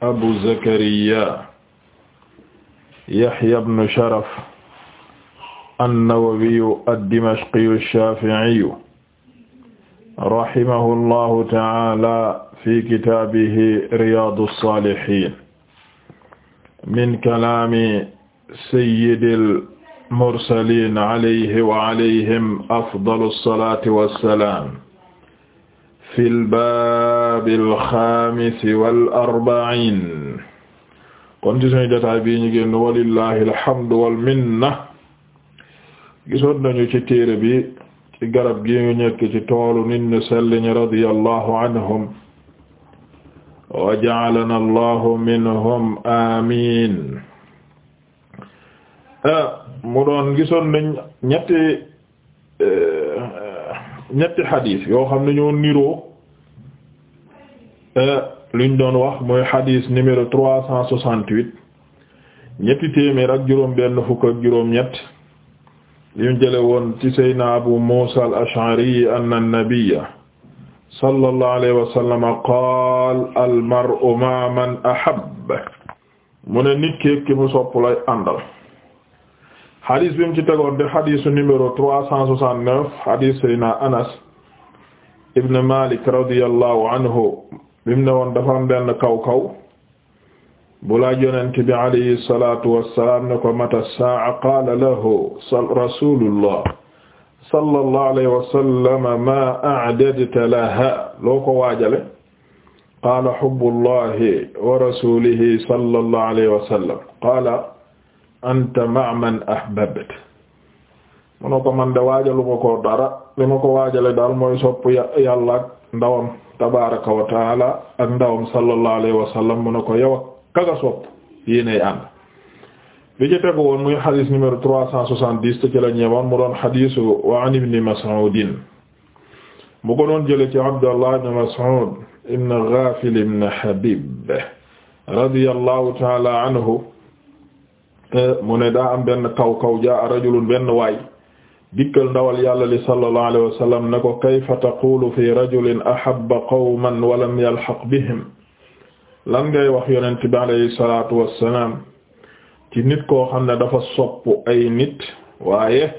abu zakariya yahya bnu sharaf annawawiyu addimashqiyu shaafi'iyu rahimahu llahu ta'ala fi kitaabihi riyaadu saalihiin min kalaami sayyidil mursaliin alayhi wa alayhim afdalu salaati wa salaam fi lbaabi alxaamisi wal arba'iin kon ci suñu jotaay bii ñu génn walillahi alhamdu wal minna gisoon nañu ci téere bi ci garab gi ñu nekk ci toolu nit ñu sell ñi radiyallahu anhum wa allahu minhum amiin mu doon gisoon nañ ñetti eh, ñetti xadiis yoo xam ne ñoo luñ doon wax mooy xadiis numéro trois cent soixante benn fukk ak juróom ñett yu jële woon ci sayna abu muusa al-ash'ari anna an-nabiyya sallallahu qaal al-mar'u ma'a man ahabba mu ne nit ki mu sopp lay àndal xadiis bi mu ci tegoon de xadiisu numéro trois cent anas ibn malik radiyallahu anhu bim ne woon dafa am benn kaw kaw bu laaj yonent bi alayhi salaatu wassalaam ne ko mata saa'a qaala lahu rasulullah sallallahu alayhi wa sallam maa a'dadta laha loo ko waajale qaala hubbullahi wa rasulihi sallallahu alayhi wa sallam qaala anta ma'a man ahbabta mu ne ko man de waajalu ma ko dara li ma ko waajale daal mooy sopp yàlla ak ndawam tabaraka wa taala ak ndawam sallallahu alayhi wa sallam mu ne ko yow ak kaga sopp tegu woon muy xadis numéro trois cent soixante-dix te ci la mu doon xadisu wa an ibni mas'udin mu ko doon jële ci abdallah ibn mas'ud ibn ghafil ibn habib radiyallahu taala anhu mu ne daa am benn kaw kaw jaa rajulun benn waay dikkal ndawal yàlla li sallallahu alayhi wa sallam ne ko kayfa taqulu fi rajulin a qawman wa lam yalhaq bihim lan ngay wax yonent bi alayhi salaatu wassalaam ci nit koo xam ne dafa sopp ay nit waaye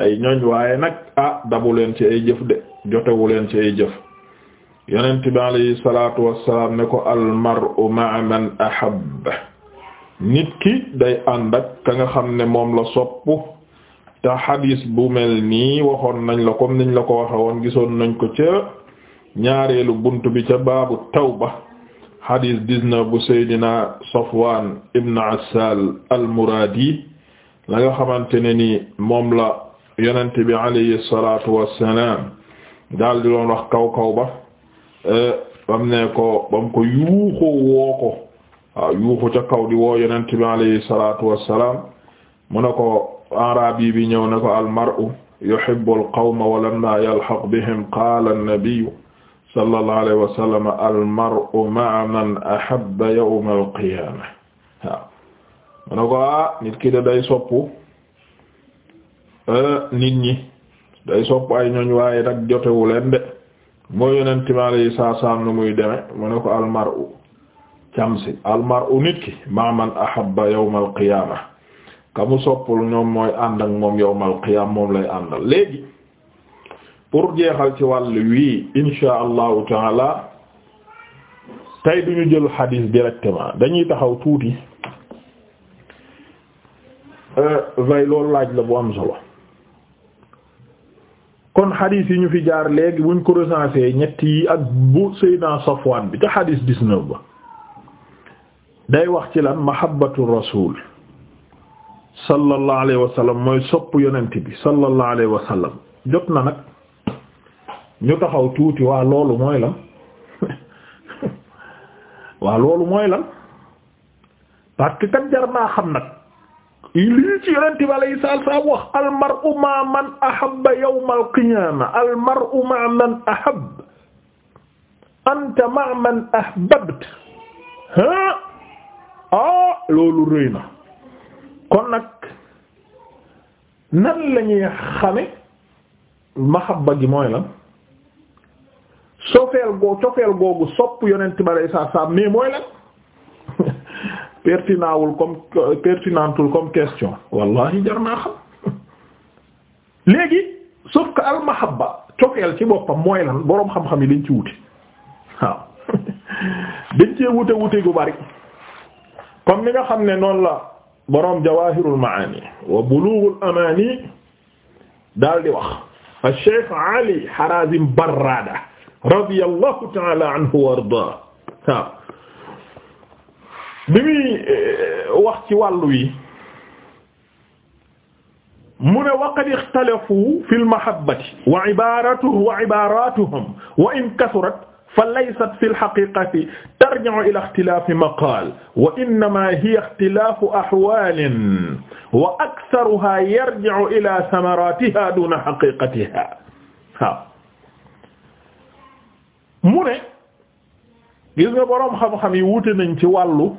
ay ñoñ waaye nag ah dabu leen ci ay jëf de jotewu leen ci ay jëf yonent bi alayhi salaatu wassalaam ne ko almar'u ma'a man ahabba nit ki day ànd ka nga xam ne moom la sopp te xadis bu mel nii waxoon nañ la comme niñ la ko waxe woon gisoon nañ ko ca ñaareelu bunt bi ca baabu tawba xadis dix-neuf bu Seydina Safwan ibn Assal al-Muradi la nga xamante ne ni moom la yonente bi alayhi salatu wassalam daal di loon wax kaw kaw ba eh, bam ne ko bam ko yuuxoo woo ko waaw yuuxu ca kaw di woo yonente bi alayhi salatu wassalam mu ne ko arabi bi ñëw na ko almaru yuhibbu alqawma wa lamma yalhaq bihim qaala annabiyu sallallahu alayhi wa sallam almaru ma'a man ahabba yawma alqiyaama waaw mu ne ah, nit ki de day soppu euh, nit ñi day sopp ay ñooñ waaye nag jotewu leen de moo yonent mi alayhi salaam nu muy deme mu ne ko almaru camsi almaru nit ma man ahabba yawma alqiyaama ka mu soppul ñoom mooy ànd ak moom yowmal qiyaam moom lay àndal léegi pour jeexal ci wàll wii insha allahu taala tey du ñu jël xadiis directement dañuy taxaw tuuti euh, vay loolu laaj la bu am solo kon xadiis yi ñu fi jaar léegi buñ ko recensé ñett yi ak bu Seydina Safwan bi te xadiis dix ba day wax ci lan mahabbatu rasul sallallahu alayhi wa sallam mooy sopp yonent bi sallallahu alayhi wa sallam jot na nag ñu taxaw tuuti waa loolu mooy lan waa loolu mooy lan parce que kat jar naa xam nag lii ci yonent bi alayhi salaam wax al mar'u ma man ahabba yawm al qiyamah al mar'u ma man ahabba anta ma man ahbabta ha ah loolu rëy na kon nag nan lañuy ñuy xame mahabba gi mooy lan sofeel goo cofeel googu sopp yonent bi saa saa mais mooy lan pertinawul comme pertinentul comme question wallahi jar naa xam léegi sauf que al cofeel ci boppam mooy lan boroom xam-xam yi dañ ci wuti waaw dañ cee wute wute gu bari comme ni nga xam ne noonu la boroom jawahirul maani wa bulughul amani daal di wax ash-shaykh ali harazim barrada radiyallahu ta'ala anhu wa arda waaw bi muy eh, wax ci wàllu yi mu ne waqad ikhtalafu fi al-mahabbati wa ibaratuhu wa ibaratuhum wa in kasurat fa laysat fi lxaqiqati tarji'u ila ixtilaafi maqaal wa innama hiya ixtilaafu axwaalin wa aksaruha yarji'u ila samaratiha duna xaqiqatiha waaw mu ne gis nga boroom xam-xam yi wuute nañ ci wàllu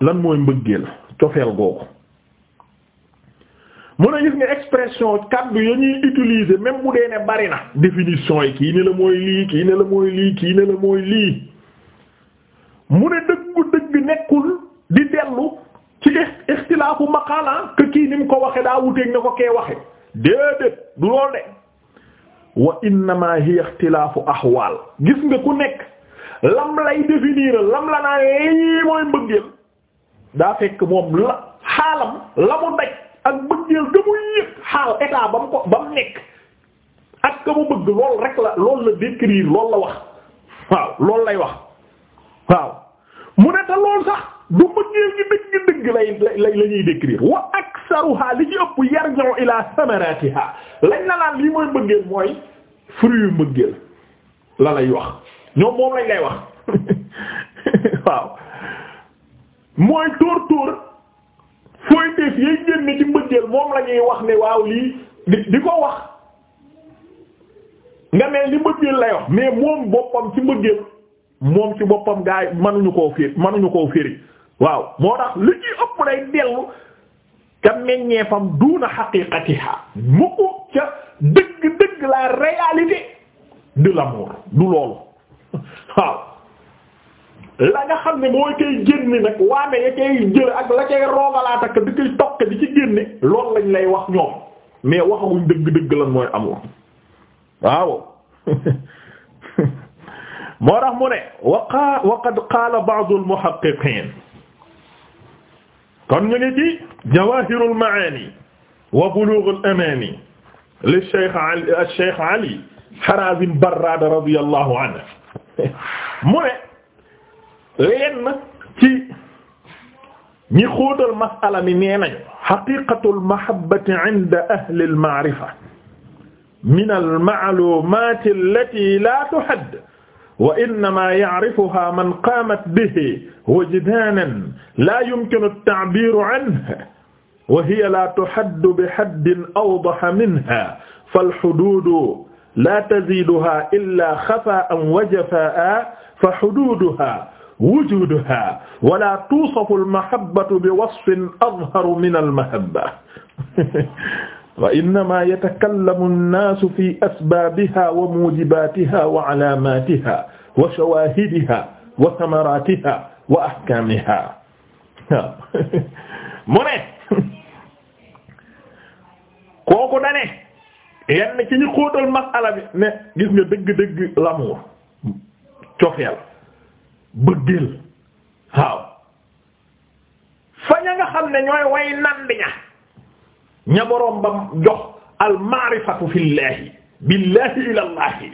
lan mooy mbëggeel cofeel googu mun a gis nga expression kaddu ya ñuy utiliser même bu dee ne bari na définition yi kii ne la mooy lii kii ne la mooy lii kii ne la mooy lii mu dëgg nekkul di dellu ci ixtilaafu maqaala ah, que kii ni mu ko waxe daa wuteeg na ko kee waxe déedéet du lool de wa innama hiya ixtilaafu ahwaal gis nga ku nekk lam lay définir lam la naa lii mooy mbëggeel daa fekk moom la xaalam la mu daj ak bëggeel ga mu yëg xaal état ba ko ba nekk ak ka mu bëgg lool rek la loolu la décrire loolu la wax waaw loolu lay wax waaw mu ne te lool sax du bëggeel gi dëgg dëgg lay la ñuy décrire wa aksaruha li ci ëpp yarji'u ila samaratiha lañ la naan lii mooy bëggeel mooy fruit yu bëggeel la lay wax ñoom moom lañ lay wax waaw mooy tóor tóor fooy def yay génne ci mbëggeel moom la ñuy wax ne waaw lii di di ko wax nga mel ni mbëggeel lay wax mais moom boppam ci mbëggeel moom ci boppam gaay mënuñu koo firi mënuñu koo firi waaw moo tax li ci ëpp day dellu ca meññeefam duuna xaqiqatiha mu ko ca dëgg dëgg la réalité de l'amour du loolu waaw la nga xam ne mooy koy génne nag waame ya koy jël ak la koy roogalaat ak di koy toq di ci génne loolu lañ lay wax ñoom mais waxaguñ dëgg-dëgg lan mooy amul waaw moo tax mu ne waqa wa qad qaala ba'd al muhaqqiqin kon ñu ngi ci jawahir al maani wa bulugh al amani li shaykh ali al shaykh ali harazim barrada radiyallahu anhu mu ne lenn ci ñi xóotal masala mi nee nañu xaqiqatul mahabbati inda ahli al ma'rifa min al ma'lumat allati la tuhadd wa innama ya'rifuha man qamat bihi wajdanan la yumkinu at-ta'bir anha wa hiya la tuhadd bi haddin awdah minha fal hudud la taziduha illa khafa'an wa jafa'an fa hududuha wujuduha wala tuusafu almahabbatu bi wasfin azharu min almahabba wa innama yatakallamu annaasu fi asbaabiha wa mujibaatiha wa alaamaatiha wa shawaahidiha wa samaraatiha wa ahkaamiha mu ne kooku dane yenn ci ñu xóotal masala bi ne gis nga dëgg-dëgg l'amour cofeel bëggeel waaw fa ña nga xam ne ñooy way nandi ña ña boroom ba jox al maarifatu fillahi billahi ilallahi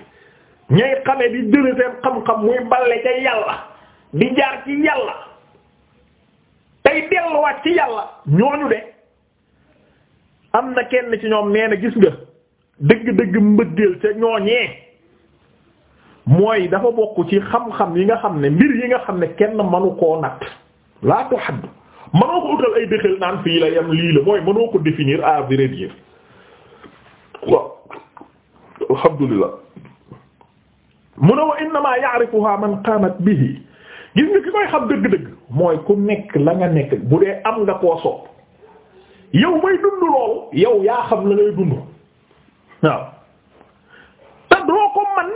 ñay xame di jële xam-xam muy balle ca yàlla di jaar ci yàlla tey delluwaat ci yàlla ñooñu de am na kenn ci ñoom nee gis nga dëgg-dëgg mbëggeel ca ñooñee mooy dafa bokk ci xam-xam yi nga xam ne mbir yi nga xam ne kenn manu koo natt laa ko xadd manoo ko utal ay dëxël naan fii la yam lii la mooy manoo ko définir à vrai dire waaw alhamdulillah mu ne wa innamaa ya'rifuha man qaamat bihi gis nga koy xam dëgg-dëgg mooy ku nekk la nga nekk bu dee am nga koo sopp yow may dund loolu yow yaa xam la ngay dund waaw te doo ko man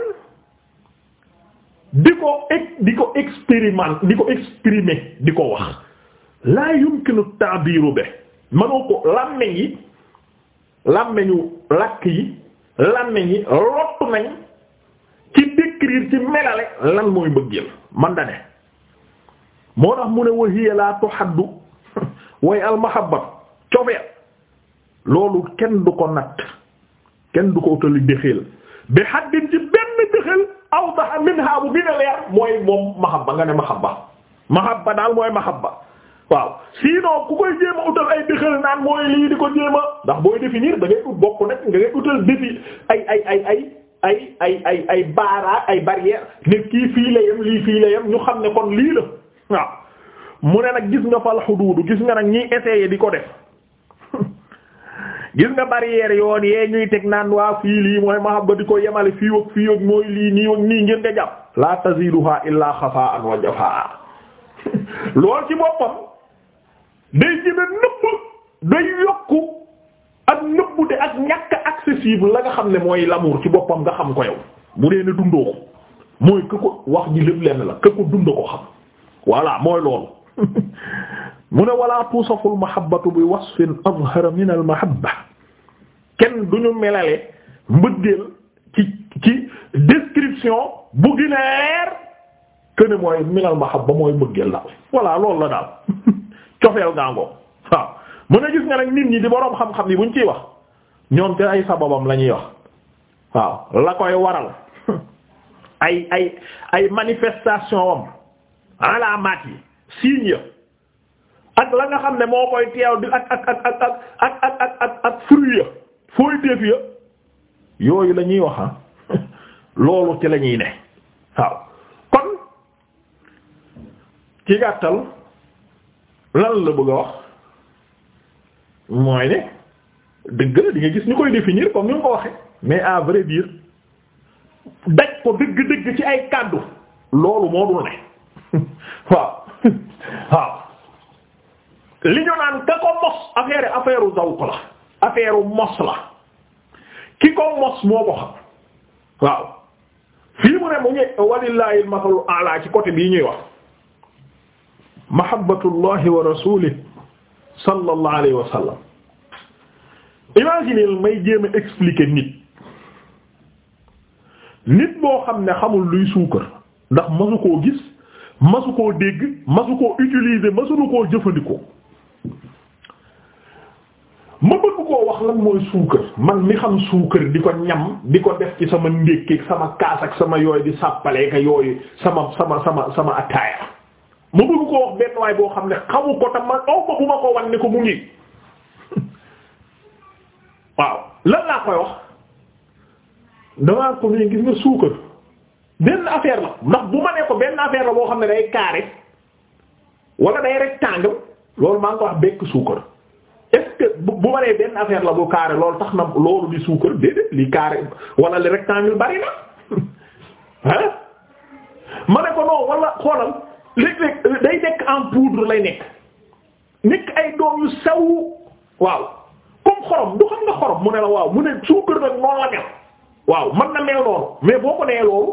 di ko di ko expérimenté di ko exprimer di ko wax laa yumkinu ta'biru be mënoo ko làmmeñ yi làmmeñu làkk yi làmmeñ yi lottu nañ ci décrire ci melale lan mooy mbëggeel man da ne moo tax mu ne wa hiya la tuhaddu way al mahabbat loolu kenn du ko natt kenn du ko utali dëxeel bi haddin ci benn dëxeel awdaha minha bu gën a leer mooy moom mahabba nga ne mahabba mahabba daal mooy mahabba waaw sinon ku koy jéem a utal ay dëxal naan mooy lii di ko jéem a ndax booy définir da ngay ut bokk nag nga ngay utal défi ay ay ay ay ay ay ay ay ay barrière nit kii fii la yem lii fii la ñu xam ne kon lii la waaw mu ne nag gis nga fal xuduudu gis nga nag ñiy essayer di ko def gis nga barrière yoon yee ñuy teg naan waa fii lii mooy mahabba di ko yemale fii ak fii ak mooy lii nii ak nii ngeen nga jàpp la taziduha illa xafaan wa jafaa lool ci boppam day jëme nëbb day yokku ak nëbb de ak ñàkk accessible la nga xam ne mooy l'amour ci boppam nga xam ko yow bu dee ne dundoo ko mooy ku wax ji lépp lenn la ku dund ko xam voilà mooy loolu mu ne wala tuusafu al mahabbatu bi wasfin azhar min al mahabba kenn du ñu melale mbëggeel ci description bu gën a leer que ne mooy min al mahabba mooy mbëggeel daal voilà loolu la daal cofeel gàngo waaw mu ne gis nga nag nit ñi di boroom xam-xam yi buñ ciy wax ñoom te ay sababam la ñuy wax waaw la koy waral ay ay ay manifestation am alaamat yi signe la nga xam ne moo koy teew di ak ak ak ak ak fruit ya fooy def ya yooyu la wax ah, loolu ci la ñuy ne waaw kon ci gàttal lan la bëgg a wax mooy ne dëgg la di nga gis ñu koy définir comme ni mu ko waxee mais à vrai dire daj ko dëgg-dëgg ci ay kàddu loolu moo dul ne waaw waaw li ñu naan ka ko mos affaire affaire u zawq la affaire u mos la ki ko mos moo ko xam waaw fii mu ne mu ngi walillahi al-masalul a'la ci côté bii ñuy wax mahabbatullahi wa rasulihi sallallahu alayhi wa sallam imagine may jéem a expliquer nit nit boo xam ne xamul luy suukar ndax masu ko gis masu koo dégg masu koo utiliser masu koo jëfandikoo ma bëgg koo wax lan mooy suukar man mi xam suukar di ko ñam di ko def ci sama ndékkeeg sama kaas ak sama yooy di sàppaleeka yooyu sama sama sama sama attaaya ma bëgg koo wax benn waay boo xam ne xamu ko tam man aw ko bu ma ko mu ngi waaw lan laa koy wax damaa ko nii gis affaire la ndax bu ma ne ko benn affaire la boo xam ne day kaare wala day tàng loolu maa ngi ko wax bekk suukar est-ce bu ma nee benn affaire la bu carré loolu tax na loolu di suukar déedéet li carré wala le rectangle bari na ah ma ne ko non wala xoolal léeg-léeg day nekk en poudre lay nekk nekk ay doom yu sew waaw comme xorom du xam nga xorom mu ne la waaw mu ne suukar noonu la mel waaw mën na mel noonu mais boo ko nee loolu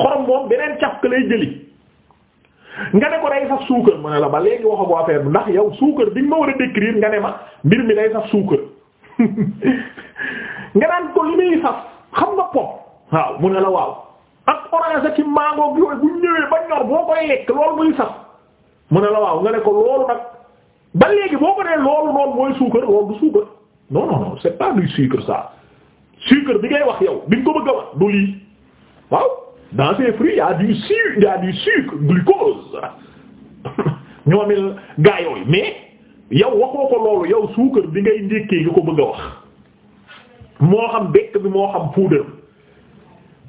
xorom moom beneen caf ka lay jëli. nga ne ko day saf suukar mu ne la ba léegi waxagoo affaire bi ndax yow suukar bi nga ma war a décrire nga ne mbir mi day saf suukar nga ko li xam nga pom waaw mu ne la waaw ak orange ak ci mango yooyu ñëwee ba ñor boo koy lekk loolu muy saf mu ne la waaw nga ne ko loolu nag ba léegi boo ko nee loolu noonu mooy suukar loolu du suukar non non non c'est pas du sucre ça sucre bi ngay wax yow bi nga ko bëgg wax du waaw. dans ces fruits y a du sucre y a du sucre glucose ñoomil gaa yooyu mais yow waxoo ko loolu yow suukar bi ngay njëkkee nga ko bëgg a wax moo xam bekk bi moo xam poudre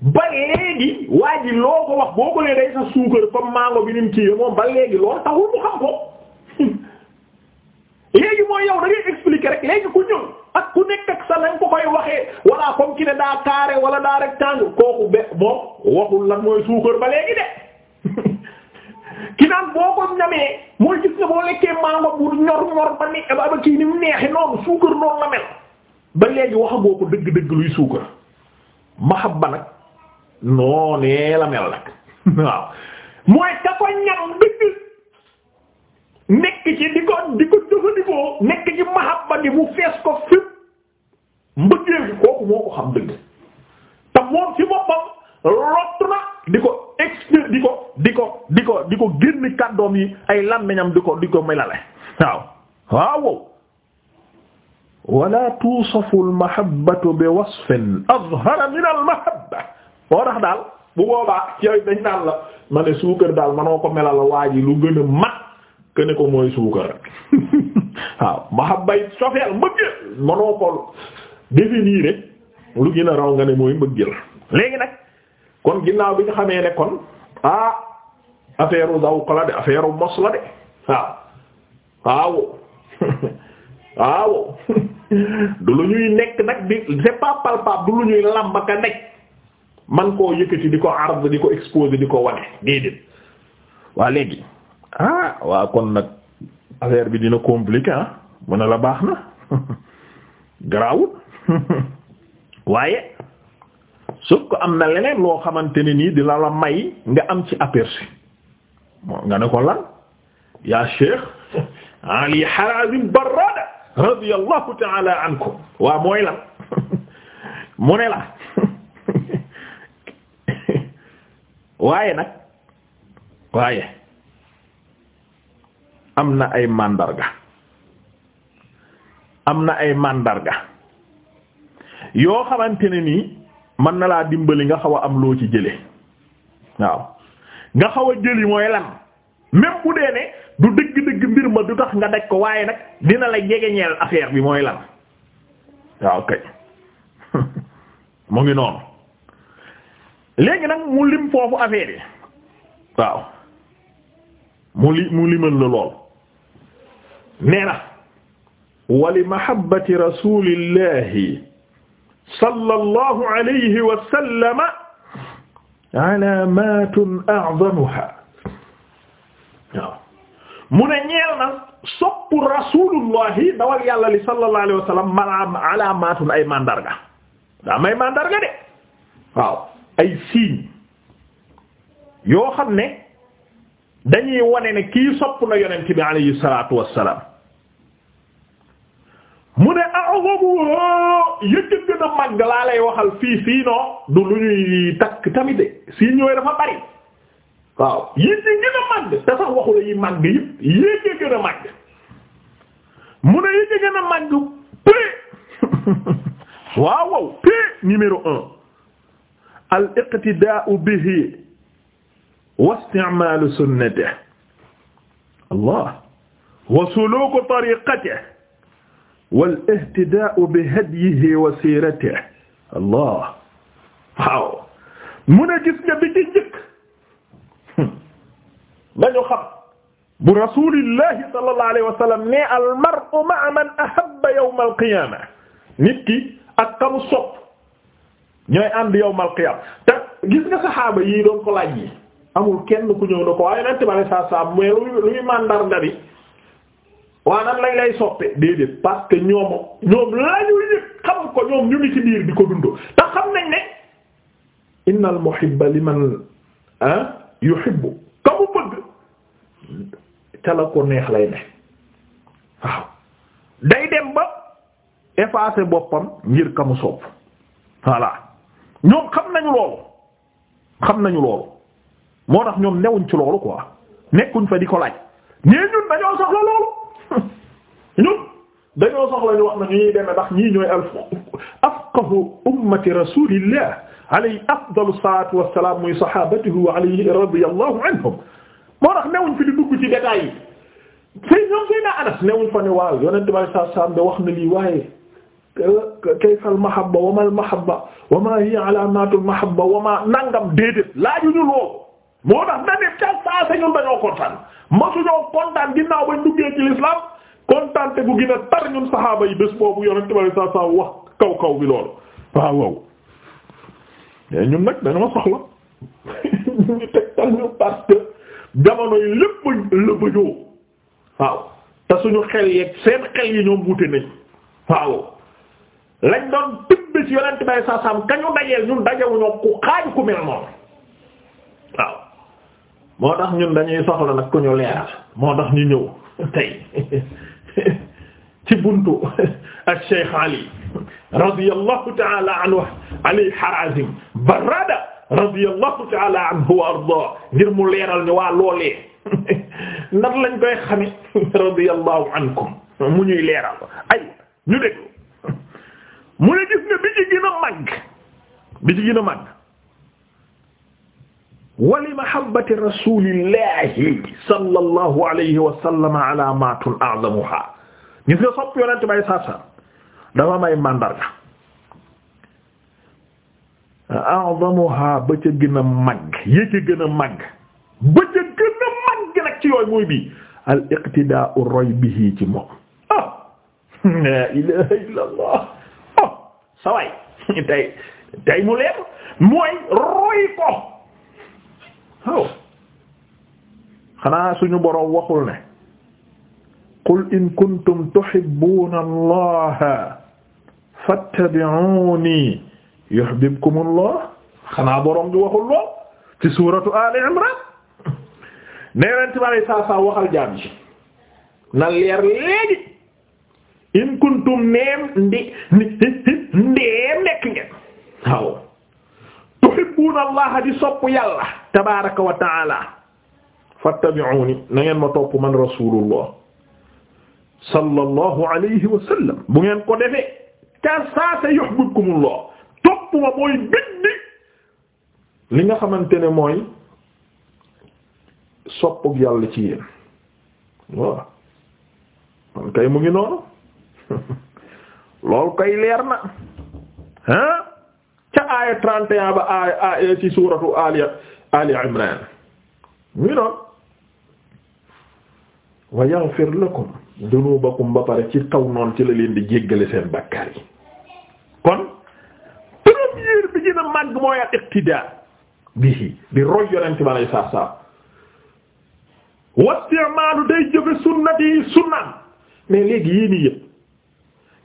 ba léegi waa ji loo ko wax boo ko lee day sax suukar comme mango bi nim kii moom ba léegi loolu taxul mu xam ko léegi mooy yow da ngay expliquer rek léegi ku ñëw ak ku nekk ak sa lañ ko koy waxee walla comme ki ne daa carré wala daa rectangle kooku be moom waxul lan mooy suukar ba léegi de ki naan boo ko ñamee mooy gis nga boo lekkee mango bu ñor ñor ba ni ba kii ni mu neexee noonu suukar noonu la mel ba léegi waxagoo ko dëgg-dëgg luy suukar mahabba nag noonee la mel nag waaw mooy da ko ñam dëgg. nekk ci di ko di ko jëfandikoo nekk ci mahabba ko moo ko xam dëgg te moom ci boppam lott na di ko expliquer di ko di ko di ko di ko génn kàddoom yi ay làmmiñam di ko di ko melale waaw waaw wala tuusafu almahabbatu bi wasfin azhara min almahabba moo tax daal bu boobaa ci dañ naan la ma ne suukar daal manoo ko melal waa ji lu gën a mat kene ko mooy suukar waaw mahabbay sofeel mbëggeel manoo ko définir rek lu gën a raw nga ne mooy mbëggeel léegi nag kon ginnaaw bi ñu xamee ne kon ah affaire u zawq la de affaire u mos la de waaw waaw waaw du lu ñuy nekk nag bi c'est pas palpable du lu ñuy làmb ka nekk man koo yëkkati di ko ard di ko exposer di ko wane déedéet waa léegi ah waa kon nag affaire bi dina compliqué ah mu ne la baax na garaawul waaye suuf ko am na leneen loo xamante ni nii dina la may nga am ci aperçu nga ne ko lan yaa Cheikh Ali Harazim Barrada radiyallahu ta'ala ankum waa mooy lan mu ne la waaye nag waaye am na ay màndarga am na ay màndarga yoo xamante ne nii mën na laa dimbali nga xaw a am loo ci jële waaw nga xaw a jëli mooy lan même bu dee ne du dëgg-dëgg mbir ma du tax nga daj ko waaye nag dina la jegeñeel affaire bi mooy lan waaw kay mu ngi noonu léegi nag mu lim foofu affaire yi waaw mu li mu limal la lool nee na wali mahabbati rasulillahi sallallahu alayhi wa sallam alaamatun a'zamuha waaw mu ne ñeel na soppu rasulullahi dawal yàlla li sallallahu alayhi wa sallam malaam alaamatun ay mandarga daa may mandarga de waaw ay signe yoo xam ne dañuy wane ne kii sopp na yonent bi alayhi salaatu wassalaam mu ne a'zamu yëkkët gën a màgg laa lay waxal fii fii noo du lu ñuy takk tamit de si ñooy dafa bari waaw yëg yi gën a màgg te sax waxu la yi yëg yi gën a màgg mu ne yëg yi gën a màgg prix waaw waaw prix numéro un al iqtidaa'u bihi wa isticmaalu sunnatihi allah wa suluuku tariiqatihi wal ihtidaa'u bi hadyihi wa siiratihi allah waaw mu ne gis nga bi ci njëkk dañu hmm. xam bu rasulillahi sallallahu alayhi wa sallam ne al mar'u ma'a man ahabba yawm al qiyaama nit ki ak kamu sopp ñooy ànd yawm al qiyaama te gis nga saxaaba yi doon ko laaj yi amul kenn ku ñëw na ko waaye nag tamit saa saa mais lu muy mandarga bi waa nan lañ lay soppe déedéet parce que ñoom ñoom laa ñuy ko ñoom ñu ngi ci biir di ko dund te xam nañ ne innal muhibba liman ah yuhibbu ka mu bëgg ca la ko neex lay ne day dem ba effacer boppam ngir ka mu sopp voilà ñoom xam nañu loolu xam nañu loolu moo tax ñoom newuñ ci loolu quoi nekkuñ fa di ko laaj ñee ñun dañoo soxla loolu ñun dañoo soxla ñu wax na ñuy demee ndax ñii ñooy al afqahu ummati rasulillah alayhi afdalu salatu wassalam muy sahabatuhu alayhi radiyallahu anhum moo tax newuñ fi di dugg ci détails yi sëy ñoom sëy naa anas newuñ fa ne waaw yonente bi saa saam de wax na lii waaye kayfa al mahabba wa ma al mahabba wa ma hiya alaamatul mahabba wa ma nangam déedéet laaju ñu loolu moo tax na nit ca saa sa ñun dañoo kontaan masuñoo kontaan ginnaaw bañ duggee ci l'islam kontaan te bu gën a tar ñun saxaaba yi bés boobu yonent bi saa saa wax kaw kaw bi loolu waaw waaw ñun nag dañoo soxla ñu teg tal te suñu xel yeeg seen xel yi ñoom wute nañ waaw lañ doon tibb ci yonent bi saa saa kañu dajeel ñun dajewuñoo ku xaaju ku mel noonu waaw moo tax ñu dañuy soxla nag ku ñu leeral moo tax ñu ñëw tey ci buntu ak Cheikh Ali radiyallahu ta'ala anhu Ali Harazim Barrada radiyallahu ta'ala anhu wa ardaa ngir mu leeral ni waa loolee nan lañ koy xame radiyallahu ankum mu ñuy leeral ay ñu déglu mu ne gis nga bi ci gën a wali mahabbati rasulillahi sallallahu alayhi wa sallam alaamatun a'zamuha gis nga sopp yonent bay saasam dafa may màndarga a'zamuha ba ca gën a màgg yé ca gën a màgg ba ca gën a màgg nag ci yooyu mooy bii al iqtidaa'u roy bihi ci moom ah la ilaha illa allah ah sawaay tay tay mu leer mooy roy ko waaw xanaa suñu boroom waxul ne qul in kuntum tuhibbuuna allaha allah xanaa boroom bi waxul lool ci suuratu ali imran na leer in kuntum neem ndi ndeem nekk tuhibbuuna allah di sopp yàlla tabaaraka wa ta'ala fattabi'uuni na ngeen ma topp man rasulullah sallallahu alayhi wa sallam bu ngeen ko defee ca saasa yuhibbukumullah topp ma mooy bindi li nga xamante ne mooy soppug yàlla ci yéen kay mu ngi noonu loolu kay leer na ah ca aaya 31 ba aaya ci suuratu Ali Ali Imran mu noon wa yaghfir lakum ba pare ci kaw noon ci la leen di jéggale seen bakkaar yi kon première bi gën a màgg mooy ak iqtidaa bihi di roy yonent bi alayhi salaatu salaam wastimaalu day jëfe sunnati yi mais léegi yii nii yëpp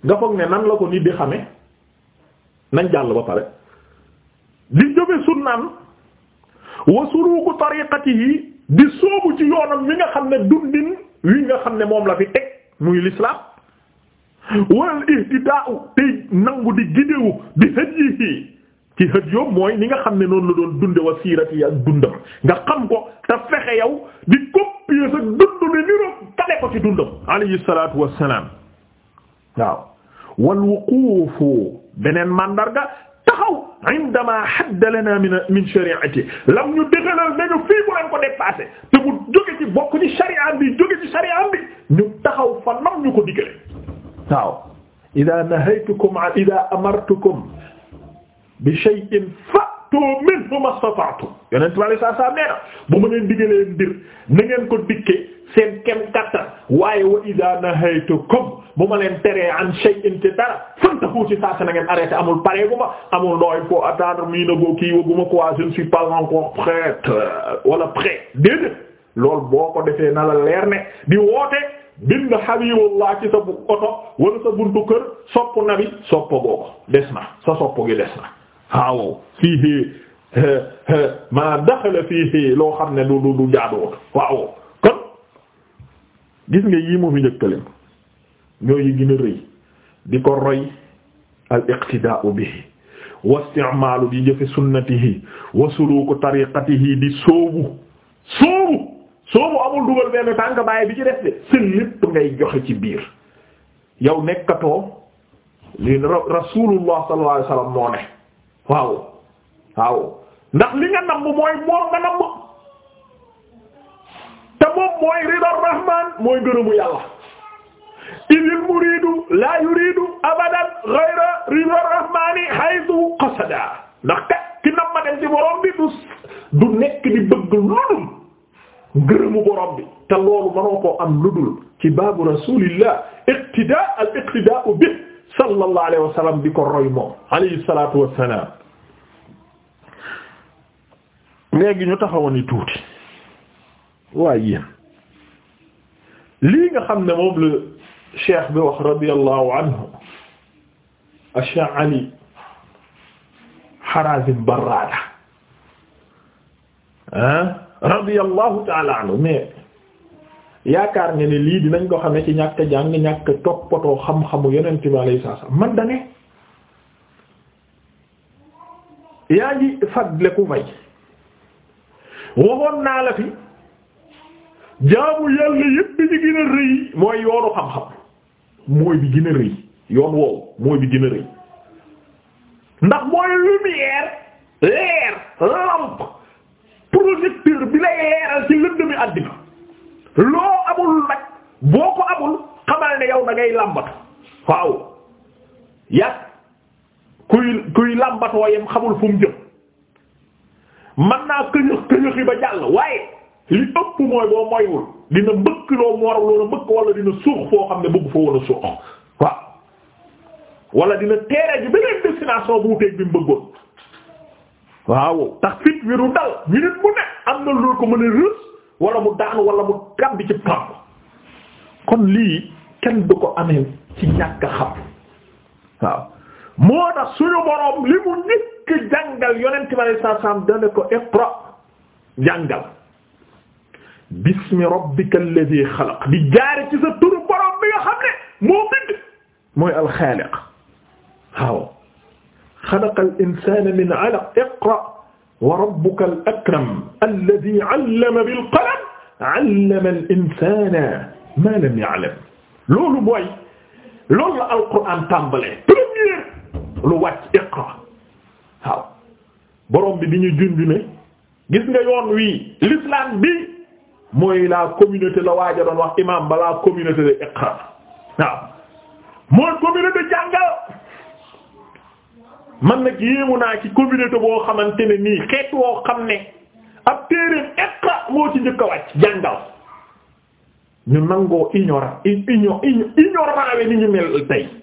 nga foog ne nan la ko nit di xame nañ jàll ba pare di jëfe sunnaam wa suruku tariqatihi di soobu ci yoonam mi nga xam ne dundin wi nga xam ne moom la fi teg muy l'islam wal ihtidaa'u tey nangu di gidewu di hëjji ci hëj yoom mooy ni nga xam ne noonu la doon dunde wa siirati ak dundam nga xam ko te fexe yow di copier sa dund ne niroog tale ko ci dundam alayhi salaatu wassalaam waaw wal wuquufu beneen màndarga taxaw indama hadda lana min min shari'ati lam ñu dégalal nañu fii bu leen ko dépassé te bu jóge ci bokk ci shari'a bi jóge ci shari'a bi ñu taxaw fa nam ñu ko digale waaw ida nahaytukum ida amartukum bi shay'in fa'tu minhu mastata'tum yonent bi sallallahu alayhi wasallam nee na bu ma leen digalee mbir na ngeen ko dikke seen kem kattan waaye wa idha nahaytukum bu ma leen teree am shay'in ci dara fantahu ci saa si na ngeen arrêté amul pare bu ma amul nooy foo attendre mii na goo kii waguma quoi je ne suis pas encore prête wala prêt déedéet loolu boo ko defee na la leer ne di woote bind habibullah ci sa oto wala sa buntu kër sopp na bi sopp boo ko des na sa sopp gi des na waaw fii ma daxala fii loo xam ne du du du jaaduwut waaw gis nga yii mu fi njëkkaleen ñoo yi gën rëy di ko roy al iqtidaa'u bihi wa isticmaalu di jëfe sunnatihi wa suluku tariqatihi di sóobu sóobu sóobu amul dugal benn tànk bàyyi bi ci def de si lépp ngay joxe ci biir yow nekkatoo li rasulullah sallallahu alayhi wasallam moo ne waaw waaw ndax li nga namm mooy moom nga namm te moom mooy ridar rahman mooy gërëmu yàlla idil muridu la yuridu abadan ghayra ridar rahmani haythu qasada ndax kat ki nam ma dem ci borom bi du du nekk di bëgg ludul gërëmu borom bi te loolu mënoo koo am ludul ci baabu rasulillah iqtidaa al iqtidaa'u bi sallallahu alayhi wa sallam di ko roy moom alayhi salatu wassalam léegi ñu taxawani tuuti waaye yéen lii nga xam ne moom la cheikh bi wax radiyallahu anhu Cheikh Ali Harazim Barrada ah radiyallahu ta'ala anhu mais yaakaar nga ne lii dinañ ko xam ne ci ñàkk jàng ñàkk toppatoo xam-xamu yonent bi alayhi salaam man da ne yaa ngi fàttaliku may waxoon naa la fi. jaamu yàlla yépp bi ñu gën a rëy mooy yoonu xam-xam mooy bi gën a rëy yoon woowu mooy bi gën a rëy ndax mooy lumière leer lampe projecteur bi lay leeral ci lëndëmi àddina loo amul nag boo ko amul xamal ne yow da ngay làmbatu waaw yàgg kuy kuy làmbatoo yem xamul fu mu jëm man naa këñëx këñëxi ba jàll waaye li ëpp mooy boo moywul dina mbëkk loo mu war loolu mbëkk wala dina suux foo xam ne bëgg foo wala suux waaw wala dina teere ji beneen destination bu wuteeg bi mu bëggoon waaw tax fit wi du dal minute bu ne am na loolu ko mën a rës wala mu daanu wala mu gàmbi ci pàmp kon lii kenn du ko amee ci ñàkk xam waaw moo tax suñu borom li mu njëkk jàngal yonent bi sallallahu alayhi dana ko iqra jàngal bismi rabbika alladhi xalaq di jaare ci sa turu borom bi nga xam ne moo bind mooy alxaaliq waaw xalaqa al insana min alaq iqra wa rabbuka al akram alladhi allama bil qalam allama al insana ma lam ya'lam loolu mooy loolu la alquran tàmbalee première lu wàcc iqra waaw borom bi di ñu junj ne gis nga yoon wii l'islam bi mooy laa communauté la waaja doon wax imam ba la de iqra waaw mooy communauté jàngal man nag yéemu naa ci communauté boo xamante ne nii xeet woo xam ne ab téeréen iqra moo ci njëkk a wàcc jàngal ñu nangoo ignorant ignorant ignorant we ni ñu mel tey